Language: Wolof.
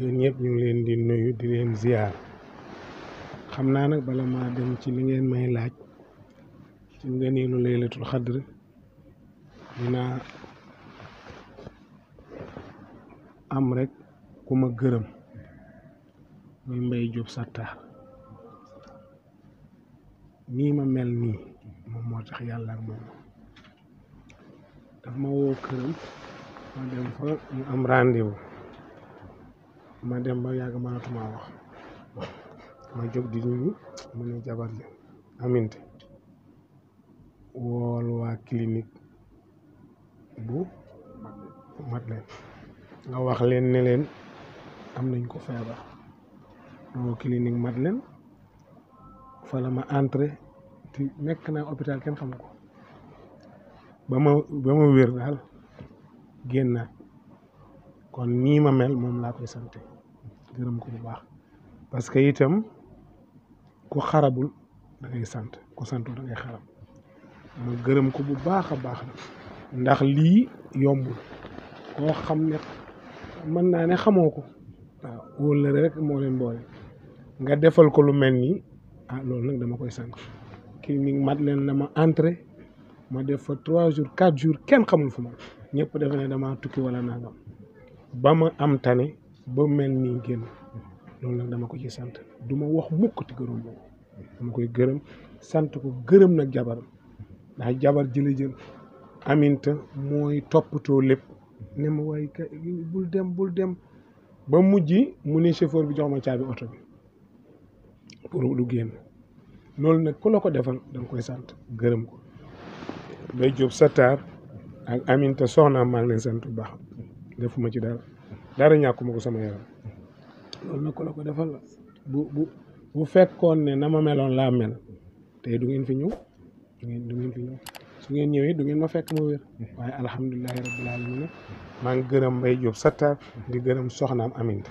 yéen ñëpp ñu ngi leen di nuyu di leen ziar xam naa nag bala maa dem ci li ngeen may laaj ci ngëneelu laylatul xadr dinaa am rek ku ma gërëm muy Mbay Jóob Sattaar nii ma mel nii moom moo tax yàlla moom daf ma woo këram ma dem fa ñu am rendez ma dem kan ba yàgg mënatuma wax ma jóg di nuyu mu ne jabar ji aminte wool waa clinique bu mat leen nga wax leen ne leen am nañ ko feebar loolu clinique mat leen fa la ma entré te nekk na hôpital kenn xam ko ba ma ba ma wér kon nii ma mel moom laa koy gërëm ko bu baax parce que itam ku xarabul da ngay sant ku santul da ngay xarab mu gërëm ko bu baax a baax na ndax lii yombul koo xam ne mën naa ne xamoo ko waaw wóllëre rek moo leen boole nga defal ko lu mel nii ah loolu nag dama koy sant kii mi mat leen la ma entré ma def fa trois jours quatre jours kenn xamul fu ma ñëpp defe ne damaa tukki wala nangam ba ma am ba mel nii génn loolu nag dama ko ci sant du ma wax mukk te gërëm moom dama koy gërëm sant ko gërëm nag jabaram ndax jabar jële jël aminta mooy toppatoo lépp ne ma waaye bul dem bul dem ba mujj mu ne chauffeur bi jox ma caabi oto bi pour du génn loolu nag ku la ko defal dam koy sant gërëm ko. Mbaye Diop Satar ak Aminta soxna maa ngi leen sant bu baax. defuma ci dara dara ñàkkuma ko sama yaram loolu ko la ko defal la bu fekkoon ne na ma meloon laa mel tey du ngeen fi ñëw du ngeen du fi ñëw su ngeen ñëwee du ngeen ma fekk ma wér waaye alhamdulilahi rabbil alamin maa ngi gërëm Mbaye Diop Sattar di gërëm soxnaam Aminta